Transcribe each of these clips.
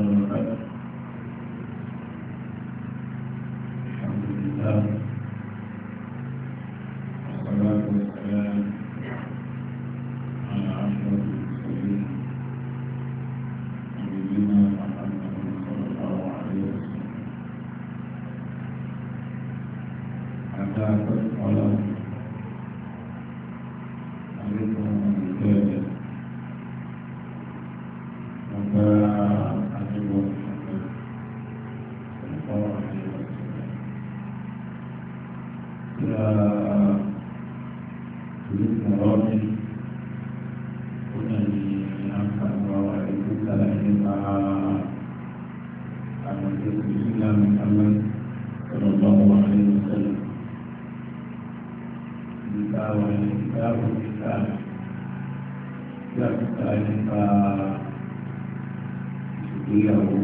ọ̀hún ọ̀hún. والكتاب الكتاب ذلك ìgbéyàwó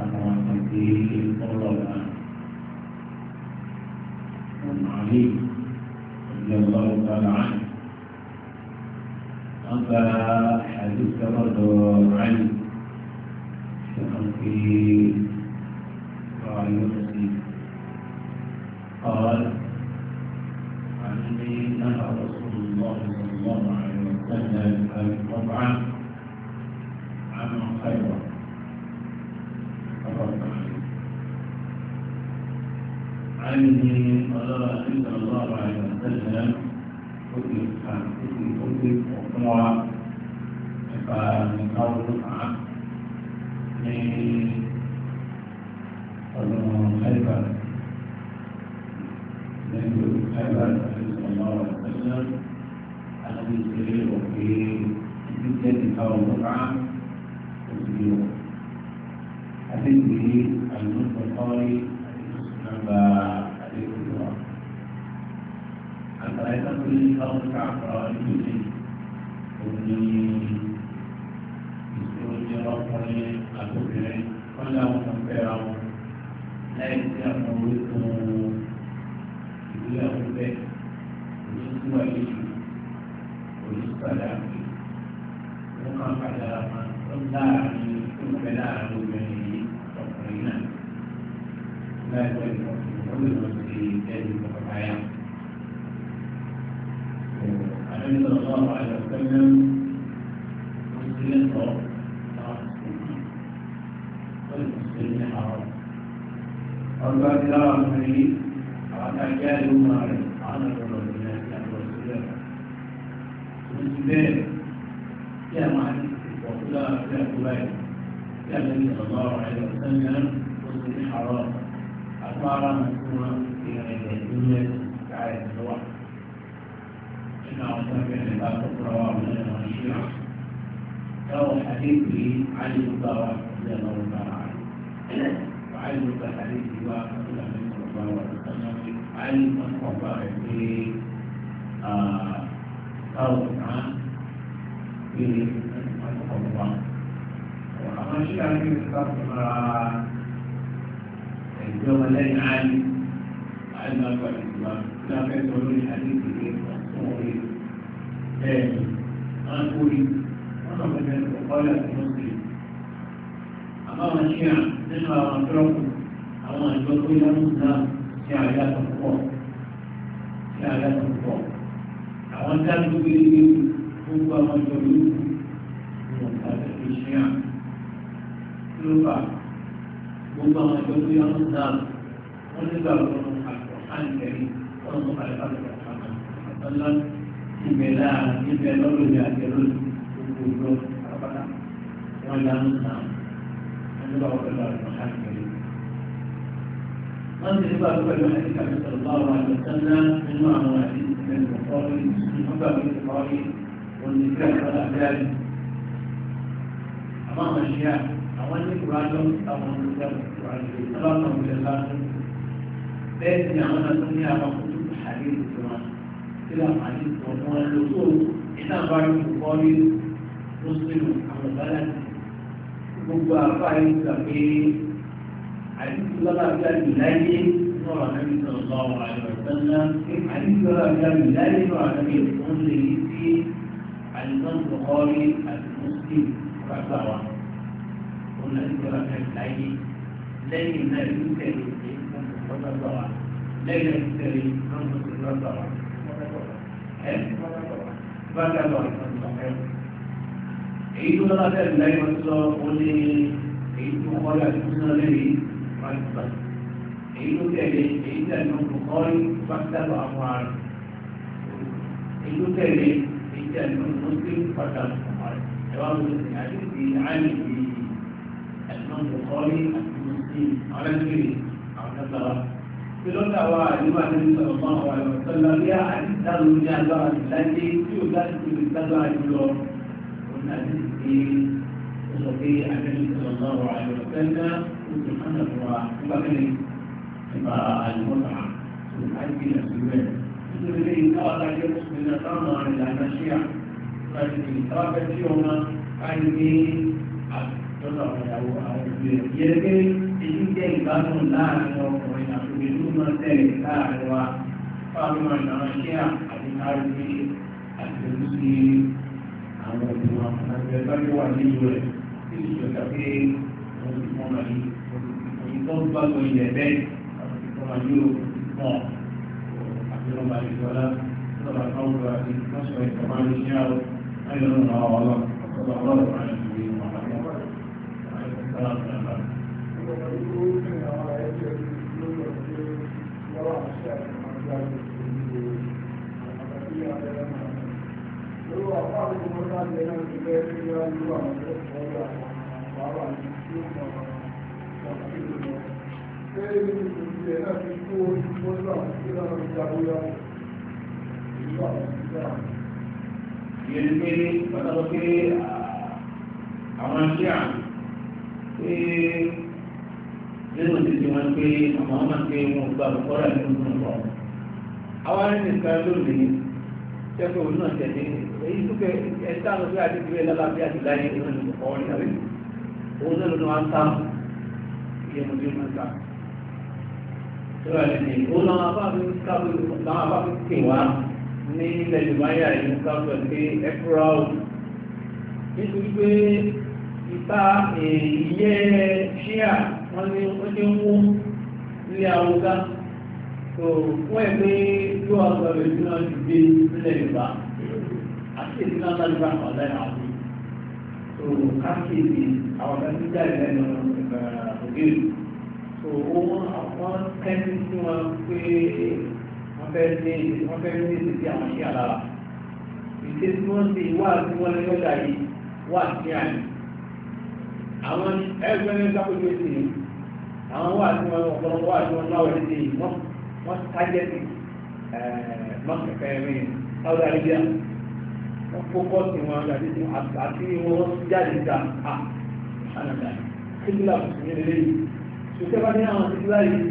àwọn àti ọ̀rọ̀ náà ọ̀nà àlè ọ̀dí ọ̀lọ́wọ́ tààlà áì wọ́n gba àdúgbò ọ̀dọ̀ ráì ṣùgbọ́n pé ọ̀rọ̀ yóò sí ọ̀rọ̀. صلى الله عليه وسلم القطعة عما خيرا عنه قال صلى الله عليه وسلم كتب كتب كتب وقوى فنقول ركعة من خيبر من خيبر صلى الله عليه وسلم alábí ìṣẹ̀lẹ̀ rẹ̀ pé títí tẹ́tí káwọn lọ́la òsì rẹ̀. Adéjì àlùmọ́tò kọ́rí nàgbà àdéhùn wa. Àgbàlá ìgbà pé káwọn ká àkọ́rọ̀ ìlú ní òní ìṣòro jẹ́ ọkùnrin àtòkìnrin kọ́lá wọn fẹ́ra wọn láì sí àwọn orí kan. àjálù máa rẹ̀ àwọn ọ̀rọ̀ ìrìn àti àwọn ìṣẹ̀lẹ̀ òun ti bẹ́ẹ̀ kí a máa ní ìpọ̀kúlá àti àkúrá ẹ̀ kí a lè ní ọ̀gá ọ̀rọ̀ ẹ̀ lọ́sẹ̀lẹ̀ ó ti ní àárọ̀ àpá ara mi fún wọn ìrìn ẹ̀jẹ̀ ìpínlẹ̀ káyẹ̀ lọ́wọ́ nínú àwọn tó ń bẹ̀rẹ̀ bá tó kúrọ̀ wà wọn nínú àwọn ìṣẹ̀lẹ̀ لو حديث لي علي المبارك رضي الله تعالى عنه وعلي المبارك حديث لي وعلي المبارك alì wọn kọ̀ bá rẹ̀ pé báwo ká pé wọn kọ̀ bá. àwọn ṣíṣe àti ìsọ́kùnra ẹ̀jọ́ ọlẹ́yìn alì alì wọn kọ̀ ìgbà tí a fẹ́ sọ lórí alì ìdílé ọ̀tún orí bẹ́ẹ̀ ni wọ́n kórì wọ́n sọ pé bẹ́ẹ̀ kọ́ ọ́ lẹ́sìn lọ́sìn. àbáwọn ṣíà nínú àwọn tọ́lọ́kù àwọn àjọ tó yá ń dáhùn ní àyà tó pọ̀ ní àyà tó pọ̀ àwọn dájú pé gbogbo àwọn ìjọ yìí ní ọ̀gá tẹ̀lé ṣe hàn kí ló fà gbogbo àwọn ìjọ tó yà ń dà wọ́n nígbà lọ́wọ́ àpò àǹtẹ̀rì wọ́n mú àlẹ́ àti àpamọ́ ọ̀nà ìbẹ̀ láàrin ìbẹ̀ lọ́rọ̀ ní àjẹrò gbogbo ìjọ àpáta wọ́n yà ń dà wọ́n nígbà wọ́n lọ́wọ́ àpò àǹtẹ̀rì. أنت إباك بالمحيك صلى الله عليه وسلم من معنى الحديث من البخاري من حباب البخاري والنكاح والأحلال أمام الشيعة أولك راجل أمام الكتاب ثلاثة مجلات بيت نعمة الدنيا وكتب حديث القرآن كلا حديث وقوان الوصول إحنا بعد البخاري مسلم أم البلد gbogbo àfáà yìí gbàgbé حديث لما كان بلالي نور النبي صلى الله عليه وسلم حديث لما كان بلالي نور النبي المنزل في الإمام البخاري المسلم فأتبعه قلنا إن لما كان بلالي لن النبي يمكن فأتبعه لن يمكن فأتبعه فأتبعه èyí tó lọ́la tẹ̀lé lẹ́yìn ọ̀sán ó ní èyí tó kọ́lé àti kúsínà lẹ́yìn èyí ló tẹ̀lé èyí tẹ̀lé olùkọ́rí pátálù àwọn àrùn èyí ló tẹ̀lé èyí tẹ̀lé olùkọ́rí pátálù àwọn àrùn ẹ̀wá wọlé ní àdìsí àyè ní ẹ̀sán olùkọ́rí àti mùsùlùmí ọ̀rẹ́gbẹ̀rẹ̀ àwọn tẹ́tàwá. tí ló tàwa àdúrà ní sọ̀rọ̀ fún àwọn ẹ̀rọ sọ́lá bí àdìsálù ní agbára ìdájé tí ó dá sí ìdájọ́ àjùlọ òun àdìsí ó sọ pé àdìsí sọ̀rọ̀ fún àwọn ẹ̀rọ sọ́lá ìsèkánná fún wa nípa kẹ́lẹ́ nípa àlùmọ́tà tó láìpẹ́ ìlàsílẹ̀ nítorí lẹ́yìn táwọn adájọ́ ìlànà táwọn ìlànà ṣíà láti táwọn fẹ́ tí ọmọ káyọ̀ ní àtọ́nà àwọn ìyàwó àwọn ìlú rẹ̀ yẹ pé èyí jẹ́ ìbátan láàrin ọkùnrin àtòkè tó máa tẹ̀lé láàrin wa fáwọn ìlànà ṣíà àti káyọ̀ ní àtẹ̀lú sí àwọn ìlú àwọn ìlànà ìgbàgbọ́ wà nínú rẹ̀ tí ìṣèjọba pé wọ́n ti mọ́ tó ń bá lọ ilẹ̀ bẹ́ẹ̀ ọmọ yìí ó mọ̀ àti ọmọ àdìsọ́lá sọ̀rọ̀ àkọ́kọ́ àti mọ́sọ̀ ìfọ̀mọ́ àdìsíyá ó ayọ̀ ọ̀nà ọ̀lọ́ ọ̀sọ̀rọ̀ ọlọ́run àti ìwé ìmọ̀ Thank you ìyẹn pé pàtàkì pé àwọn ṣí à pé lẹ́nu ti ti wọn pé àwọn ọmọ pé wọn gba ọ̀rọ̀ ẹ̀ nínú ọ̀rọ̀ àwọn arìnrìnkan lónìí tẹ́fẹ́ òun náà tẹ̀lé èyí tó kẹ́ ẹ̀ta ló fẹ́ àti ìgbéyàwó lábẹ́ àti láyé ìrìn ọ̀rìn àbí òun náà ló ń wá ń sáà kí ẹnu bí ó máa gbà. Ìrọ̀ ẹ̀sìn ó lọ́wọ́ abá fi pè wá ní ilẹ̀ Yorùbáyà ìlú Káfíà pé ẹ fúra o. Nítorí pé ìta ìyẹ́ ṣíà wọ́n ní ó ṣe ń wó nílé awúgá. Tó fún ẹ pé yóò wá sọ èrè tí wọ́n ti gbé nílẹ̀ Yorùbá. Àti èdè náà bá lè bá àwọn ọ̀dá ìràwọ̀. Tó káfíà àwọn ọ̀dá ti jáde ògiri so wọ́n wọ́n kẹ́ni sí wọn pé wọ́n fẹ́ ní wọ́n fẹ́ ní ìsìnkú àwọn ṣé àlára ìṣe tí wọ́n ti wá sí wọn ní lọ́jà yìí wá sí àná àwọn ẹgbẹ́ ní sákòjú sí i àwọn wá sí wọn ọ̀pọ̀lọpọ̀ wá sí wọn láwọn ẹ̀dẹ́ yìí wọ́n wọ́n tájẹ́ sí mọ́kẹ́kẹ́ mi sáwọ́dà àríyá wọ́n fókọ́ sí wọn àti àti wọn jáde síta ànàdàní. Ah, tíkílà mùsùlùmí lè léyìí ṣùgbọ́n bá ní àwọn tíkílà yìí ní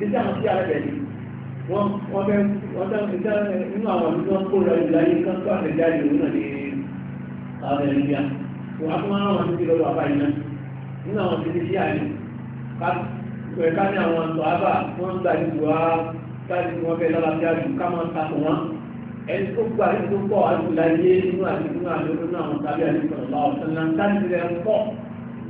ìdíjẹ́ àwọn tí ààrẹ bẹ̀rẹ̀ wọ́n fẹ́ wọ́n tẹ́ ìdíjẹ́ nínú àwọn ọdún tó ń kó ra ìlú ayé kan tó àtẹ̀já ìlú náà ní àwọn ẹ̀rìndíà tó a fún àwọn tíkí lọ́wọ́ àbá yìí náà nínú àwọn tíkí sí àyè ká ní àwọn àtọ̀ àbá wọ́n gbà ní ìwà káàdì wọn fẹ́ lálàáfíà jù ká máa takò wọn ẹni tó gba ẹni tó pọ̀ àdúgbò láyé nínú àdúgbò náà lórí àwọn tàbí àdúgbò náà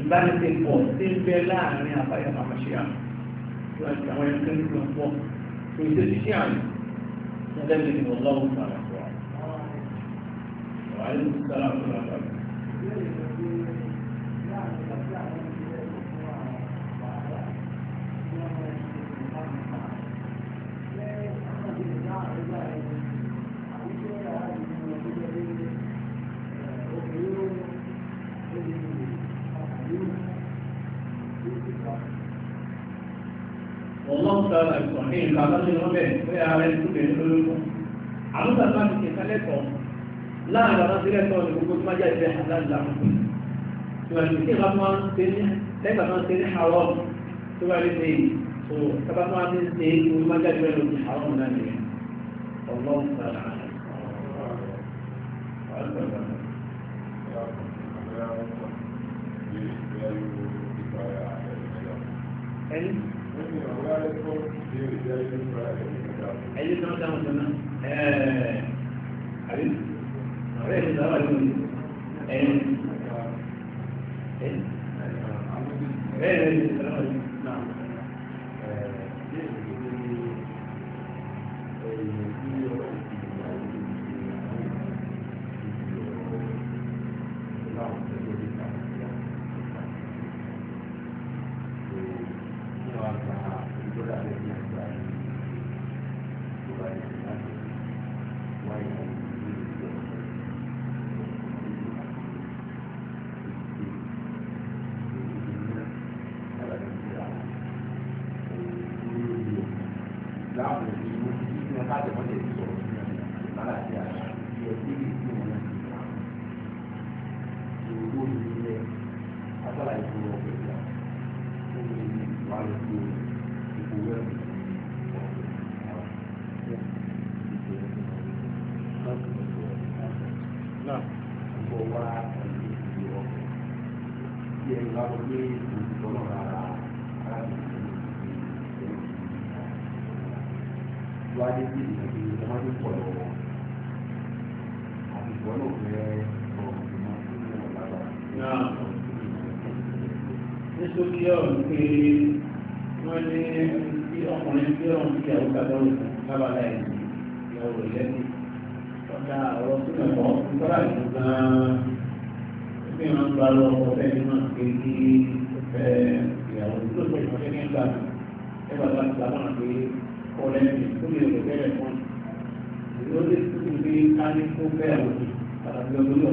ìbánisẹ̀pọ̀ tí ń bẹ láàrin àbáyọ àmàṣíà láti àwọn ẹni tó ń lò pọ̀ tó ìṣe ṣíṣe àmì lẹ́lẹ́bí ni wọ́n lọ́wọ́ sára sọ̀rọ̀ àbáyọ. ọlọ́run sára àìsàn ní ìlú abájọ́ wọn bẹ̀ pé ara ẹni tóbi ẹni lórí fún àwọn bàbá mi kì í sálẹ̀ tọ̀ láàrin bàbá sílẹ̀ tọ̀ ní gbogbo tí wọ́n jẹ́ ìfẹ́ àdáńdá ìwọ̀n ìgbésí ìbá tó máa ń ṣe ní lẹ́gbà máa ń ṣe ní àwọn tó wà nílé tó sábà máa ń ṣe ní orí máa jáde lẹ́nu ní àwọn náà nìyẹn ẹ̀yẹ́ tó ń dáhùn tó wáyé bí ìrìnàjò ìjọba tó pọ̀ lọ́wọ́ àti ìgbọ́nà ọ̀fẹ́ nítorí ọ̀rọ̀ pé wọ́n ní tí ọkùnrin tí ọ̀rọ̀ ti àwọn kàdáwò lábàlá ẹ̀ ìyàwó rẹ̀ lẹ́nu ọ̀dà ọ̀rọ̀ tó nà kọ́ nígbàlá ìlú gan-an bí wọ́n gba lọ ọ̀rẹ́ ní wọn pé kí ẹ ìyàwó tó tó ìfọ̀ṣẹ́ ní ẹgbà ẹ bàbá ti bàbá wọn pé kọ́ lẹ́nu tó lè rò bẹ́rẹ̀ fún ìlú lè tún fi ká ní kó bẹ́ẹ̀ wò ní àtàkùn ọdún yóò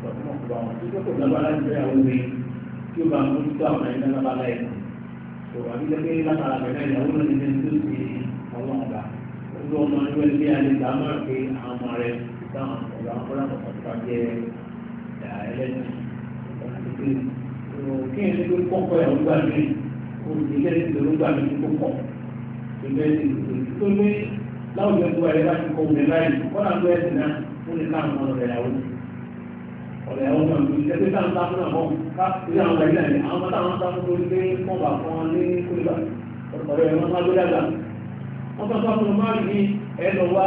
lọ́kùnrin kò bá wọn tó kò lọ́ba láti fẹ́ àwọn obìnrin tí ó bá ń mójú tó àwọn ẹ̀yìn náà lábàlá ẹ̀ kò wà nígbà pé látara bẹ̀rẹ̀ ìyàwó náà nígbà tó ti àwọn ọ̀gá ojú ọmọ ẹgbẹ́ ilé alẹ́ gbà máa pé àwọn ọmọ rẹ̀ táwọn ọ̀gá ọ̀gá ọ̀gá jẹ́ ẹlẹ́sìn kí ẹni tó kọ́kọ́ ẹ̀ ń gbà mí olùdílé ìdòwò gbà mí tó kọ̀ ìgbẹ́ tó ní láwùjọ tó wà lẹ́bàá kọ́ ọ̀rẹ́ àwọn ọmọ ìlú ìṣẹ́ pípa ń sáfún àwọn ká ilé àwọn ìlú ẹ̀yìn àwọn ọmọdé àwọn sáfún lórí pé wọ́n bá fún wọn ní kúlíbà ọ̀rẹ́ ẹ̀rọ máa gbé dàgbà wọ́n bá sáfún máa rí ẹ̀lọ́ wá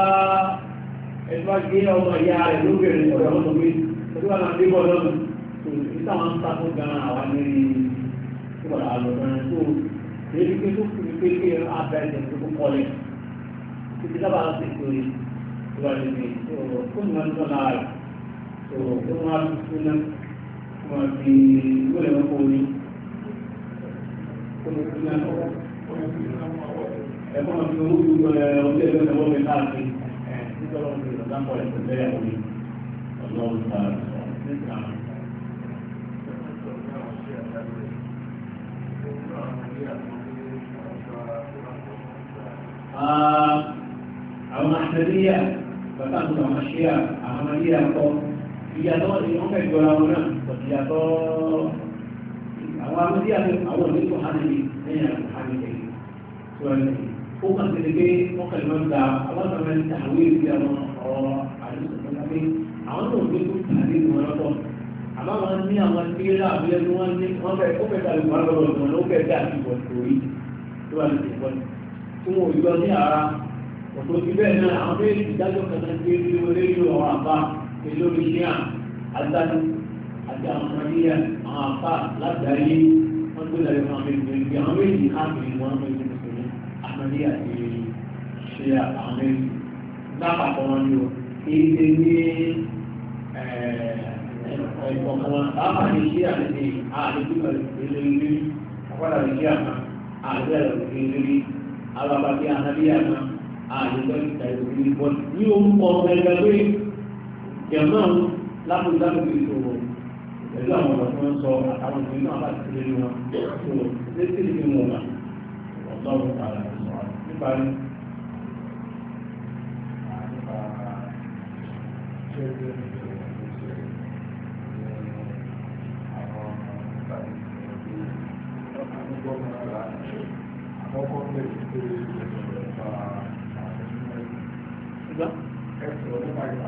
ẹ̀lọ́ gé ọmọ ìyá rẹ̀ lóbìnrin ọ̀rẹ́ ọmọ mi ọdún wa náà dé bọ́ lọ́nà tó ìtàwọn sáfún gan-an àwa ní ìwọ̀n àlọ́run tó èyí pé tó kùn pé kí abẹ́rẹ́ tó tó kọ́lẹ̀ títí lábàá ṣètò ìwádìí tó kó ní wọn tó náà rẹ̀. tí wọ́n á fi súná wọ́n fi wọlé wọn kó ní. Ẹ̀fọ́n àti owó tó gbọ́ ẹ ọdún ẹgbẹ́ náà wọ́n fi káàkiri ẹ̀ nítorí wọn fi ìrọ̀lá pọ̀ ẹ̀ tẹ̀lé ẹ̀ wọlé ọlọ́run ta nígbà. Àwọn àṣẹríyà, bàtà àtúntò àwọn àṣẹríyà, àwọn àṣẹríyà kọ́. ìyàtọ̀ ìwọ́n fẹ́ jọra wọn náà pọ̀ ìyàtọ̀ àwọn amúdí àwọn onígbò hánìlì lẹ́yìn àwọn hánìlì tó ẹni ó kàn sí pé wọ́n kàn máa ń gba àwọn kan máa ń ta àwọn èdè àwọn ọ̀rọ̀ àdúgbò tó lápé àwọn tó ń gbé kó tàbí ìwọ̀n lọ́tọ̀ àmọ́ wọn ní àwọn tíra àbúlé tí wọ́n ní wọ́n fẹ́ ó fẹ́ ta ìwọ̀n lọ́wọ́ wọn ló fẹ́ dà sí ìwọ̀n torí tó wà lóṣù ìwọ̀n tí wọn ò yọ ní ara òtò ti bẹ́ẹ̀ náà àwọn méjì dájọ́ kan náà gbé lórí ọ̀rọ̀ àbá pẹ̀lú ìṣẹ́ àtàlù àti àwọn ọmọdé àwọn afá látàrí wọ́n tó lẹ́yìn fún àwọn méjì àwọn méjì káàkiri wọn méjì mùsùlùmí àmọ́dé àti ṣe àwọn méjì lápapọ̀ wọn ni o èyí ti ní ẹ̀ẹ̀kọ̀kan wọn lápapọ̀ ní ṣé àti àdébí ìlérí àpárá ìṣe àmà àdébí ìlérí alábàbí àdábí àmà àdébí ìlérí bọ́ọ̀lù ní orúkọ ẹgbẹ́ jẹ̀mọ́ lábùdábù ti ṣòwò pẹ̀lú àwọn ọ̀rọ̀ tí wọ́n sọ àtàwọn ìpínlẹ̀ náà bá ti lé wọn tó létí ìpín wọn mà ọ̀dọ́rùn kàrà nípa ní. Thank you.